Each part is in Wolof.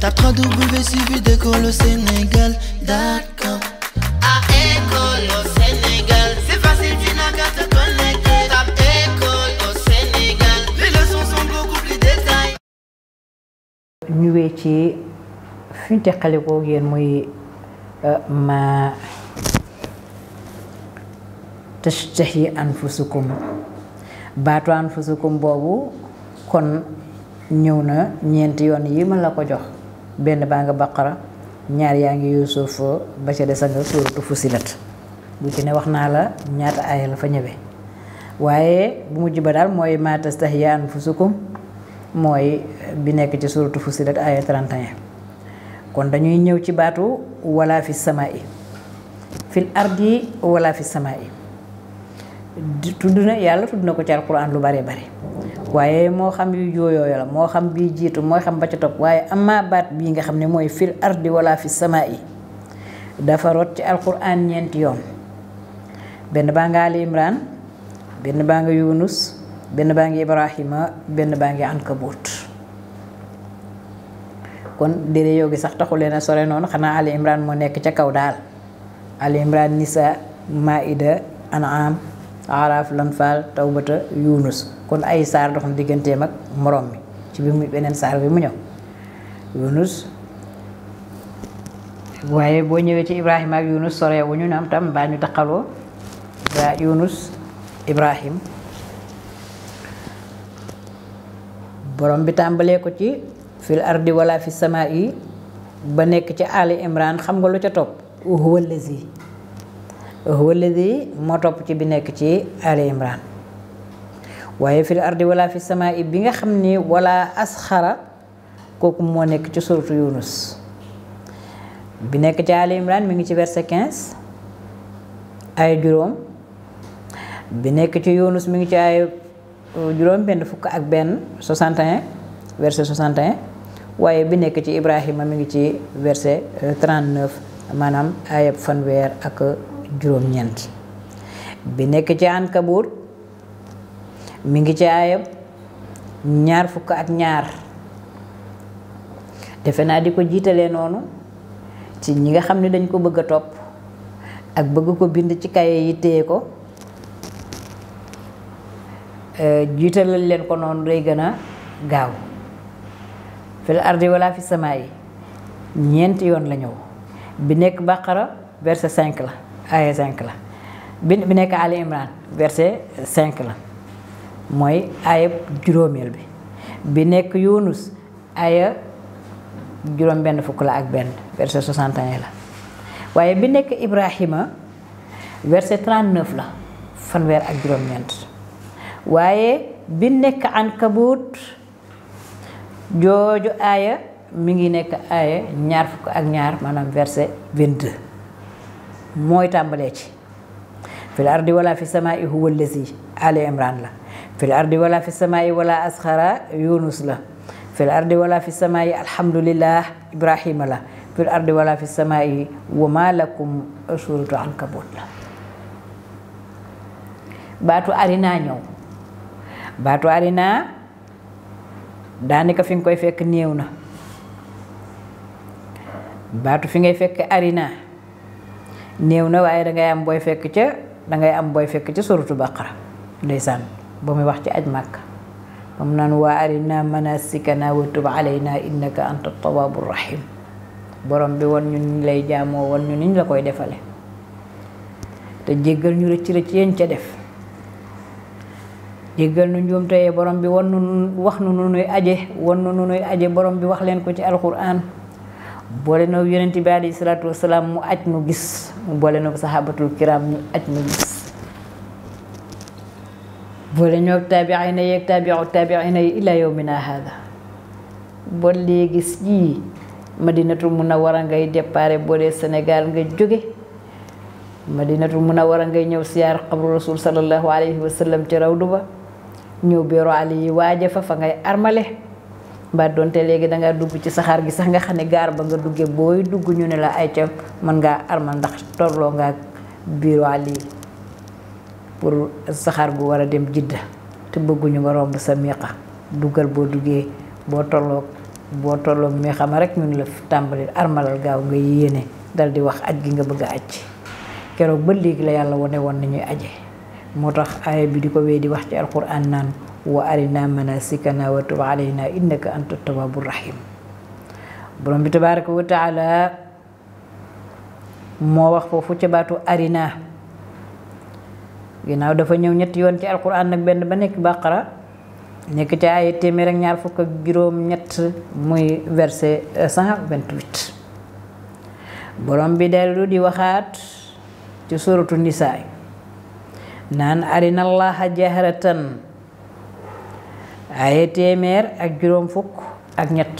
Tape www.suividecolosénégal.com À École au Sénégal, c'est facile, te connecter. Tape École au Sénégal, les leçons sont beaucoup plus ci fi ñu teqale euh, ma tashtahi anfusukum boobu kon ñëw na ñeenti yoon yi ma la ko jox benn baa nga baqara ñaar yaa ngi yuusuf ba ca des a nga suratu fusilat bu ci ne wax naa la ñaata aaya la fa ñëwee waaye bu mujj ba daal mooy ma tastahya anfusukum mooy bi nekk ci suratu fusilat aaya 31 kon dañuy ñëw ci baatu wala fi sama i fil ardi wala fi sama i tudd na yàlla tudd na ko ci alquran lu bare bare waaye moo xam yu jooyoo la moo xam bii jiitu moo xam ba ca topp waaye amaa baat bii nga xam ne mooy fil ardi wala fi samaa yi dafa rot ci alquran ñeenti yoon benn baa nga Ali Imran benn baa nga Yunus benn baa ngi Ibrahima benn baa ngi Ankabut kon dére yoo gi sax taxu leen a sore noonu xanaa Ali Imran moo nekk ca kaw daal Ali Imran Nisa Maida An'am Araaf Lanfaal Tawbata Yunus kon ay saar dox na digganteem ak morom mi ci bi mu beneen saar bi mu ñëw Yunus waaye boo ñëwee ci Ibrahima ak Yunus soree ñu ne am tam mbaa ñu taqaloo daa Yunus Ibrahim borom bi tàmbalee ko ci fil ardi wala fi samaa yi ba nekk ci Ali Imran xam nga lu ca topp huwa lazi huwa alladi moo topp ci bi nekk ci Ali Imran waaye fil ardi wala fi samaa bi nga xam ni wala asxara kooku moo nekk ci suratu Yunus bi nekk ci Ali Imran mi ngi ci verset ay juróom bi nekk ci yoonus mi ngi ci ay uh, juróom benn fukk ak benn 61 verset 61 waaye bi nekk ci Ibrahima mi ngi ci verset 39 uh, maanaam ayab fanweer ak juróom-ñeent bi nekk ci Ankabur mi ngi ci aayam ñaar fukk ak ñaar defe naa di ko jiitale noonu ci ñi nga xam ne dañ ko bëgg a topp ak bëgg ko bind ci kaye yi téye ko euh, jiitalal leen ko noonu day gën a gaaw fil ardi wala fi samaa ñeent yoon la ñëw bi nekk bàqara verset cinq la ay 5 la bi bi nekk Ali Imran verset 5 la mooy ayab juróomeel bi bi nekk Yunus aya juróom benn fukk la ak benn verset 61 la waaye bi nekk Ibrahima verset 39 la fanweer ak juróom-ñeent waaye bi nekk Ankabut jooju aaya mi ngi nekk aaya ñaar fukk ak ñaar maanaam verset mooy tàmbalee ci fil ardi wala fi samaa'i huwa allazi ali imran la fil ardi wala fi samaa'i wala asxara yunus la fil ardi wala fi samaa'i alhamdulillah ibrahima la fil ardi wala fi samaa'i wa lakum suuratu ankabut la baatu arina ñëw baatu arina daanaka fi nga koy fekk néew na baatu fi ngay fekk arina néew na waaye da ngay am booy fekk ca dangay am booy fekk ca suratu baqara ndeysaan ba muy wax ci aj màkk ba mu naan waa arina manasikana wa tub alayna innaka anta tawaabu rahim borom bi wan ñu lay jaamoo wan ñu niñ la koy defale te jéggal ñu rëcc rëcc yéen ca def jéggal nu njuumte borom bi wan nu wax nu nuy aje wan nu nuy aje borom bi wax leen ko ci alquran boole noog yonent bi alayhi salaatu wasalaam mu aj nu gis mu boole noog saxaabatul kiram ñu aj nu gis boole ñoog taabiina yeeg taabiu taabiina yi ilaa yowmina haada ba léegi sii madinatul munawara ngay déparé boo Sénégal nga jóge madinatul munawara ngay ñëw siyaar xabru rasul sallallahu alayhi wa sallam ci rawdu ba ñëw biiru ali yi waaje fa fa ngay armale mbaa doonte léegi dangaa dugg ci saxaar gi sax nga xam ne gaar ba nga duggee booy dugg ñu ne la ay ca mën ngaa armal ndax tolloo ngaa biir waa lii pour saxaar gu war a dem jidda te bëgguñu nga romb sa miiqa duggal boo duggee boo tolloo boo tolloo miiqa ma rek ñu ne la tàmbali armalal gaaw nga yéene dal di wax at gi nga bëgg a aj keroog ba léegi la yàlla wane woon nañuy aje moo tax aaya bi di ko wee di wax ci alxuraan naan wa arina manasikana wa tub alayna borom bi tabaraka wa taala moo wax foofu ca arina ginnaaw dafa ñëw ñetti yoon ci alquran nag benn ba nekk bàqara nekk ci ay téeméer ak ñaar fukk ak juróom ñett muy verset borom bi dellu di waxaat ci suratu nisaa naan arina allaha jahratan ay téeméer ak juróom fukk ak ñett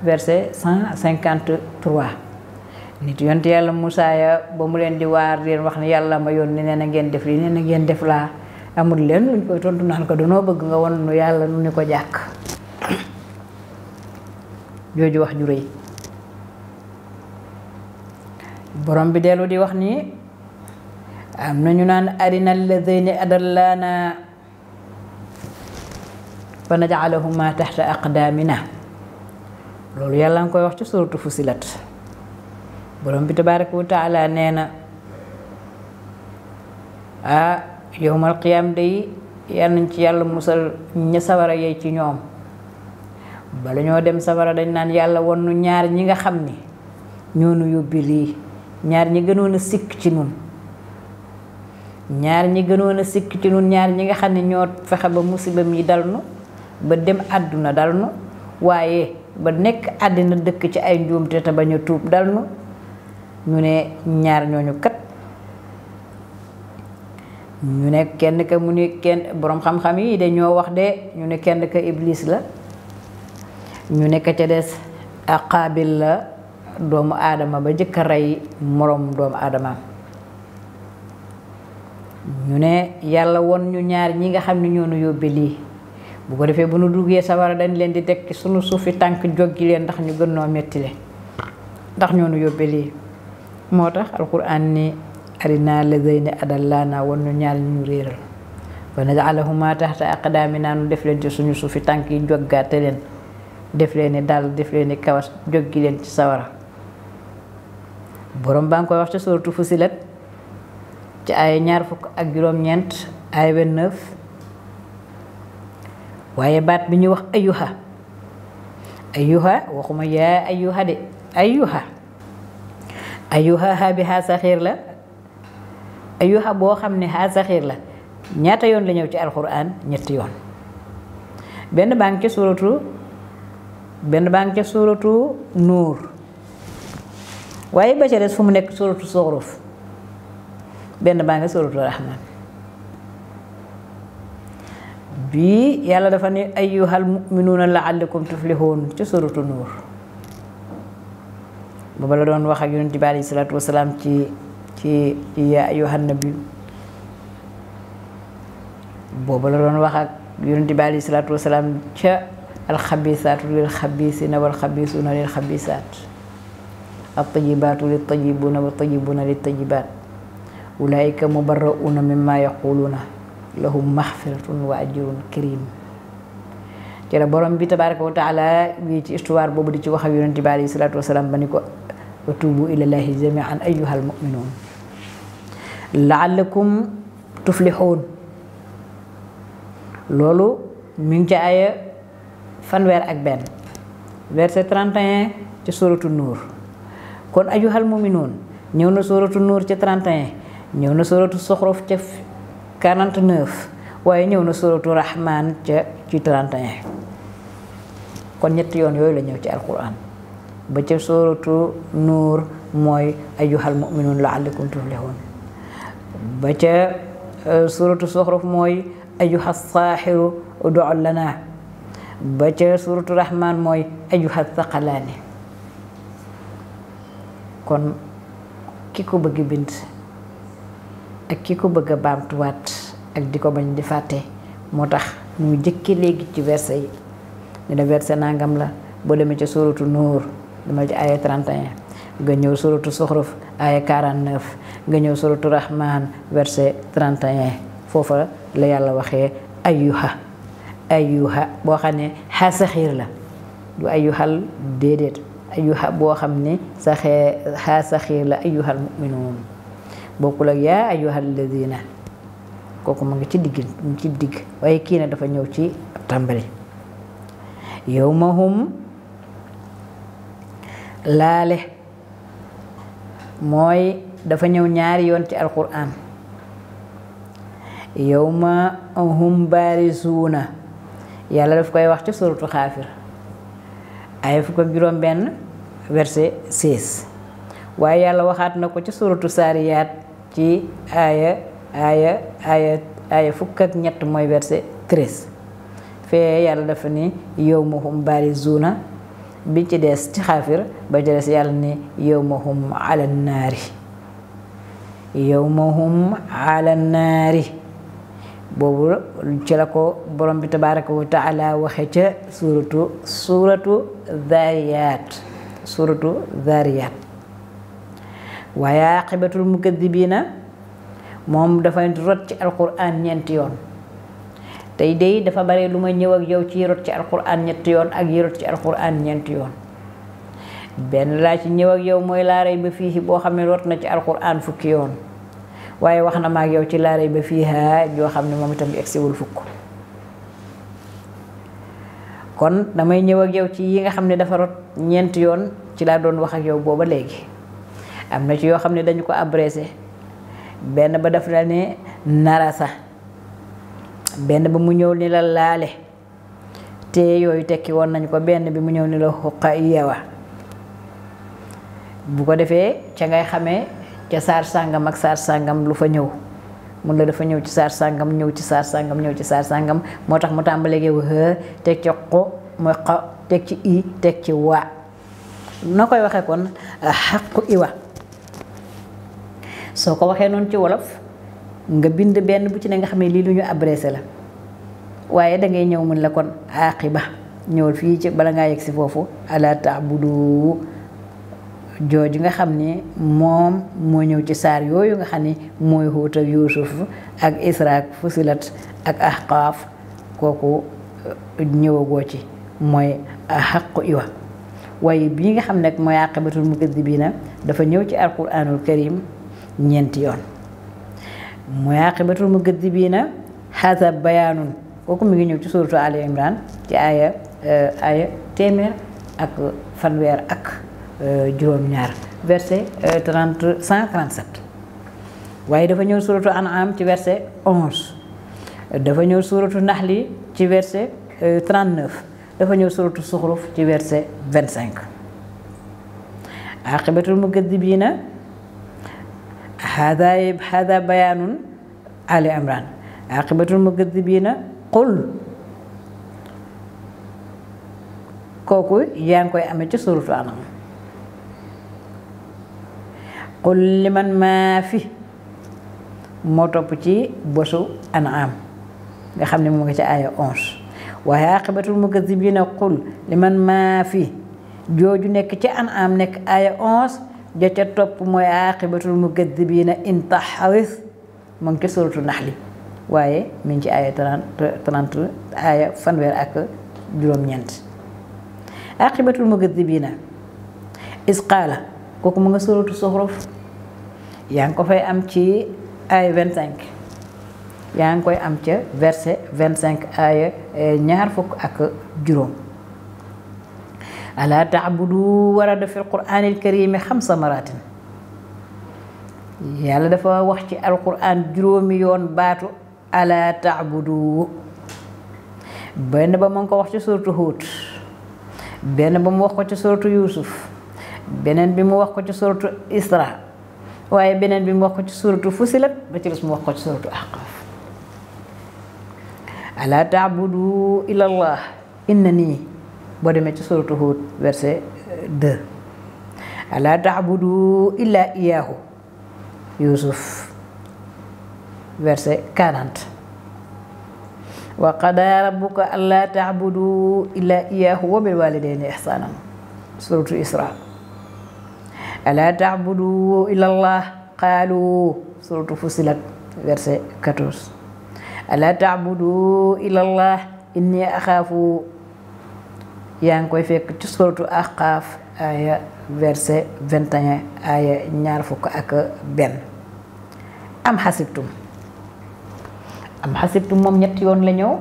verset 153 nit yonte yàlla Moussa ya ba mu leen di waar leen wax ne yàlla ma yónni nee a ngeen def lii nen na ngeen def laa amul leen luñ koy tontu naan ko danoo bëgg nga won nu yàlla nu ni ko jàkk jooju wax ju rëy borom bi dellu di wax ni am nañu naan arina alladhina adallana fa najcalahuma taxta aqdaamina loolu yàlla nga koy wax ci suratu fusilat borom bi tabaraka wa taala nee na ah yowmal qiyaam day nañ ci yàlla musal ña sawara yeey ci ñoom bala ñoo dem sawara dañ naan yàlla won nu ñaar ñi nga xam ni ñoo nu yóbbi lii ñaar ñi gënoon a sikk ci nun ñaar ñi gënoon a sikk ci nun ñaar ñi nga xam ne ñoo fexe ba musiba mi dal nu ba dem àdduna dal nu waaye ba nekk àddina dëkk ci ay njuumte te bañ a tuub dal nu ñu ne ñaar ñooñu kat ñu ne kenn ka mu ni kenn boroom xam-xam yi dañoo wax de ñu ne kenn ka iblis la ñu nekk ca des aqaabil la doomu aadama ba jëkk a rey moroom doomu aadama ñu ne yàlla won ñu ñaar ñi nga xam ne ñoo nu yóbbe lii bu ko defee ba nu duggee sawara dañ leen di dekk sunu suufi tànk joggi leen ndax ñu gën noo metti le ndax ñoo nu yóbbe lii moo tax alquran ni la arinaa lazayni adallana wan nu ñaal ñu réeral te naj'alahuma tahta naa nu def leen ci suñu suufi tànk yi joggaate leen def leen ni dàll def leen ni kawas joggi leen ci sawara borom baa ngi koy wax ci suratu Fusilat ci ay ñaar fukk ak juróom-ñeent ay 29 waaye baat bi ñuy wax ayuha ayuha waxuma yaa ayuha de ayuha ayuha haa bi haa la ayuha boo xam ne haa la ñaata yoon la ñëw ci alquran ñetti yoon benn baa ngi ca suuratu benn baa ngi ca suuratu nuur waaye ba ca fu mu nekk suuratu soxruf benn baa ngi suuratu rahman bii yàlla dafa ne ayyuhal mu'minuuna la'allakum tuflihuun ci suratu nuur booba la doon wax ak yonent bi alayhi salaatu wasalaam ci ci ci yaa ayyuhan nabi booba la doon wax ak yonent bi alayhi salaatu wasalaam ca alxabisaatu lil xabisiina wal xabisuuna lil xabisaat attayibaatu lit tayibuuna wat tayibuuna lit tayibaat ulaayika mubarra'uuna mimmaa yaquluuna lahum maxfiratun wa ajrun karim ci la borom bi tabaraka wa taala wii ci histoire boobu di ci wax ak yonente bi alayhi salaatu wasalaam ba ni ko wa tuubu ilallahi jamian ayuha almuminuun laallakum tuflixuun loolu mi ngi ci aaya fanweer ak benn verset 31 ci suratu nuur kon ayuhal muminuun ñëw na suratu nuur ci 31 ñëw na suratu soxrof ca 49 waaye ñëw na suratu rahman ca ci 31 kon ñetti yoon yooyu la ñëw ci alquran ba ca suratu nuur mooy ayyuhal mu'minuun la'allakum tuflihun ba ca e, suratu soxrof mooy ayyuha saaxiru udu lana ba ca suratu rahman mooy ayyuha thaqalaani kon ki ko bëgg bind ak ki ko bëgg a baamtuwaat ak di ko bañ di fàtte moo tax ñu jëkke léegi ci verset yi ñu ne verset nangam la boo demee ca suratu Nuur demal ci aaya 31 nga ñëw suratu Soxruf aaya 49 nga ñëw suratu Rahman verset 31 foofa la yàlla waxee ayyuha ayyuha boo xam ne xa saxiir la du ayyuhal déedéet ayyuha boo xam ne saxee xa saxiir la ayyuhal muminuun bokkul ak yaa ayyuhal ladina kooku mu ngi ci digg mu ngi ci digg waaye kii na dafa ñëw ci tàmbali yawma hum laale mooy dafa ñëw ñaari yoon ci alquran yawma hum baarisuuna yàlla daf koy wax ci suratu xaafir ay fukk ak juróom benn waaye yàlla waxaat na ko ci suratu saariyaat ci aaya aaya aaya aaya fukk ak ñett mooy verset 13 fee yàlla dafa ni yawma hum barizuuna bi ci des ci xaafir ba ci des yàlla ni yawma hum ala naari yawma hum ala naari boobu ci la ko borom bi tabaaraka wa waxe ca suuratu suuratu zaariyaat suuratu zaariyaat waaye xebetul mu bii na moom dafa rot ci alquran ñeenti yoon tey dey dafa bare lu ma ñëw ak yow ci rot ci alquran ñetti yoon ak yi rot ci alquran ñeenti yoon benn laa ci ñëw ak yow mooy laaray ba fii boo xam ne na ci alquran fukki yoon waaye wax na maak yow ci laaray ba fii haa joo xam ne moom itam egsiwul fukk kon damay ñëw ak yow ci yi nga xam ne dafa rot ñeenti yoon ci laa doon wax ak yow booba léegi am na ci yoo xam ne dañu ko abrégé benn ba def la ne narasa benn ba mu ñëw ni la laale te yooyu tekki woon nañu ko benn bi mu ñëw ni la xuqa yewa bu ko defee ca ngay xame ca saar sàngam ak saar sàngam lu fa ñëw mun la dafa ñëw ci saar sàngam ñëw ci saar sàngam ñëw ci saar sàngam moo tax mu tàmbalee wu hë teg ci xu muy xo teg ci i teg ci waa noo koy waxee kon xaqu iwa soo ko waxee noonu ci wolof nga bind benn bu ci ne nga xam ne lii lu ñu abrégé la waaye dangay ñëw mun la kon aqiba ñëwal fii ci bala ngaa yegg si foofu ala taabudu jooju nga xam ne moom moo ñëw ci saar yooyu nga xam ne mooy Huut ak Yuusuf ak Israa ak ak Ahqaaf kooku uh, ñëwagoo ci mooy xaqu bii nga xam ne mooy aqibatul mukadibiina dafa ñëw ci alquraanul karim ñeenti yoon mooy bii na haza bayaanun kooku mu ngi ñëw ci suuratu Ali Imran ci aaya eh, aaya téeméer ak fanweer ak eh, juróom-ñaar verset 30 eh, waaye dafa ñëw suuratu An'am ci werse 11 dafa ñëw suuratu Naxli ci verset 39 dafa ñëw suuratu Suxruf ci verset 25 aqibatul mukadibiina hada hada bayaanun ali imran aqibatul mukaddibiina qul kooku yaa ngi koy amee ci suratu anam qul liman maa moo topp ci bosu anam nga xam ni mu ngi ci aaya onze waaye aqibatul mukazzibiina qul liman maa fi jooju nekk ci anam nekk aaya onze ja ca topp mooy aqibatul bii in taxawis mu ngi ca suratu naxli waaye mi ngi ci aaya trente trente aaya fanweer ak juróom-ñeent aqibatul mukaddibiina is qaala kooku mu nga suratu soxrof yaa ngi ko fay am ci aaya vingt cinq yaa ngi koy am ca verset vingt cinq aaya eh, ñaar fukk ak juróom alaa taabudu warada fi alquraanil karimi xamsa maratin yàlla dafa wax ci alquraan juróomi yoon baatu alaa taabudu benn ba mu ngi ko wax ci suratu Huud benn ba mu wax ko ci suratu Yuusuf beneen bi mu wax ko ci suratu Isra waaye beneen bi mu wax ko ci suratu Fusilat ba ci des mu wax ko ci suratu Ahqaaf alaa taabudu ilallah inna nii boo demee ci suratu Hud verset 2 euh, taabudu illaa iyaahu Yuusuf verset 40 wa qadaa rabbuka allaa taabudu illaa iyaahu wa bil waalidayni ihsaanan suratu Israa alaa taabudu illallah qaalu suratu Fussilat verset 14 alaa taabudu illallah inni axaafu yaa ngi koy fekk ci suratu Ahqaaf aaya verset 21 aaya ñaar fukk ak benn am xasibtum am xasibtum moom ñetti yoon la ñëw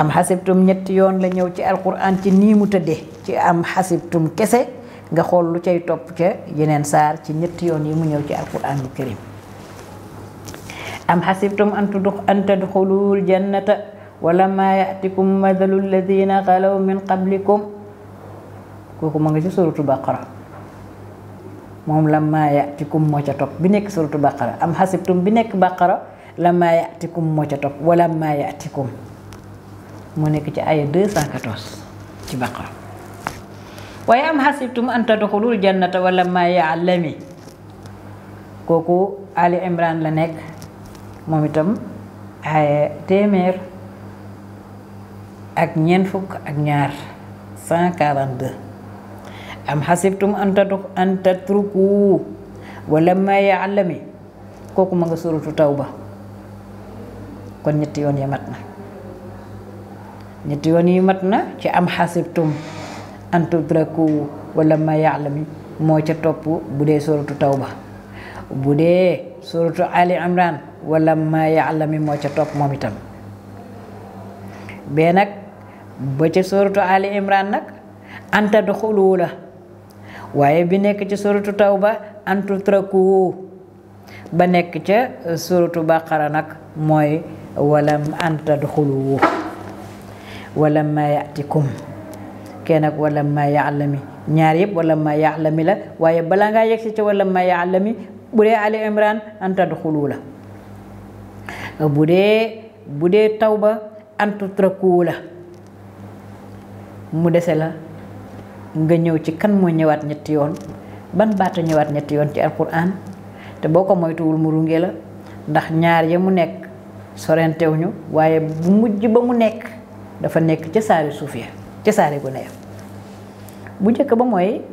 am xasibtum ñetti yoon la ñëw ci alquran ci nii mu tëdde ci am xasibtum kese nga xool lu cay topp ca yeneen saar ci ñetti yoon yi mu ñëw ci alquranul karim am xasibtum an tudxulul jannata walammaa ya'tikum mathalu alladina xalaw min qablikum kooku ma nga ci suratu baqara moom lammaa ya'tikum moo ca topp bi nekk suratu baqara am xasibtum bi nekk baqara lammaa ya'tikum moo ca topp walammaa ya'tikum mu nekk ci aya 214 ci baqara waaye am xasibtum an tadxulul jannata kooku Ali Imran la nekk moom itam aya téeméer ak ñeent fukk ak ñaar 142 am xasibtum an tatruku wala ma yaalami kooku ma nga taw ba kon ñetti yoon yi mat na ñetti yoon yi mat na ci am xasibtum an walla wala ma yaalami moo ca topp bu dee suratu tawba bu dee suratu ali imran wala ma yaalami moo ca topp moom itam bee nag ba ca suratu Ali Imran nag anta duxulu la waaye bi nekk ca ci taw ba antu traku ba nekk ca uh, suratu baqara nag mooy walam anta duxulu walam ma yatikum kenn ak walam ñaar yëpp walam ma yaalami waaye balaa ngaa yegg si ca walam ma mi bu dee Ali Imran anta duxulu la uh, bu dee bu dee tawba antu traku la mu dese la nga ñëw ci kan mooy ñëwaat ñetti yoon ban baata ñëwaat ñetti yoon ci alquran te boo ko moytuwul mu runge la ndax ñaar ya mu nekk sorentewuñu waaye bu mujj ba mu nekk dafa nekk ca saari suuf ya ca saari gu neex bu njëkk ba mooy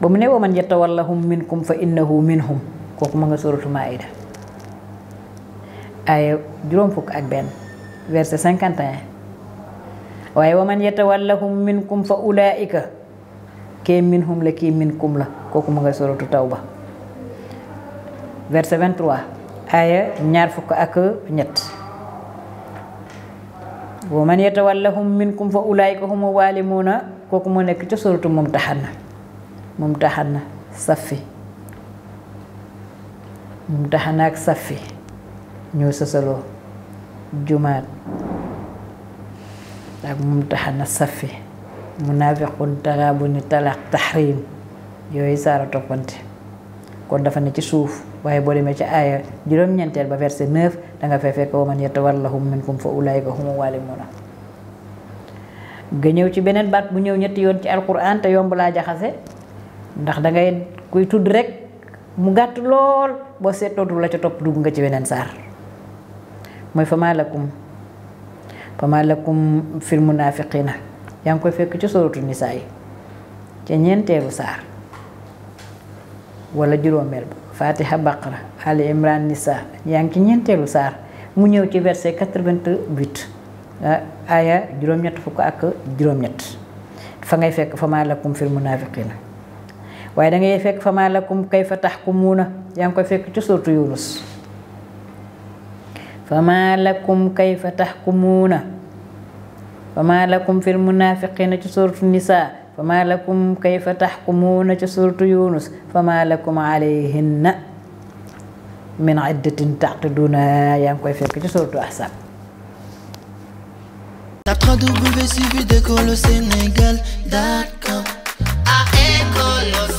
ba mu ne wa man yatawallahum minkum fa innahu minhum kooku ma nga suratu Maïda aaya juróom fukk ak benn verset 51 waaye wa man yatawallahum minkum fa ulaika kee minhum la kii minkum la kooku mu ngay suratu tawba verset 23 aaya ñaar fukk ak ñett wa man yatawallahum minkum fa ulaika humu waalimuuna kooku moo nekk ca suratu mumtahana mumtahana safi mumtahana ak safi ñoo sësaloo jumaat ak mumtaxana safi munafiqun taraabuni talaq taxrim yooyu saara toppante kon dafa ne ci suuf waaye boo demee ci aaya juróom-ñeenteel ba verset 9 da nga fay fekk wa man yatawallahum minkum fa ulaayika humu waalimuuna nga ñëw ci beneen baat bu ñëw ñetti yoon ci alquran te yomb laa jaxase ndax dangay kuy tudd rek mu gàtt lool boo seetlootu la ca topp dugg nga ci beneen saar mooy fa maa fama lakum fil na yaa ngi koy fekk ci soratu nisaa yi ca ñeenteelu saar wala juróomeel ba fatiha baqara ali imran nisaa yaa ngi ci ñeenteelu saar mu ñëw ci verset 88 ah, aya juróom-ñett fukk ak juróom-ñett fa ngay fekk fama lakum fil munafiqina waaye da ngay fekk fama lakum kayfa tahkumuna yaa ngi koy fekk ci yunus fama lakum kayfa taxkumuuna fama lakum fil munafiqina ci suratu nisa fama lakum kayfa taxkumuuna ci suratu yunus fama lakum alayhinna min iddatin taqiduuna yaa ngi koy fekk ci suratu ahzab www.suvidécolosénégal.com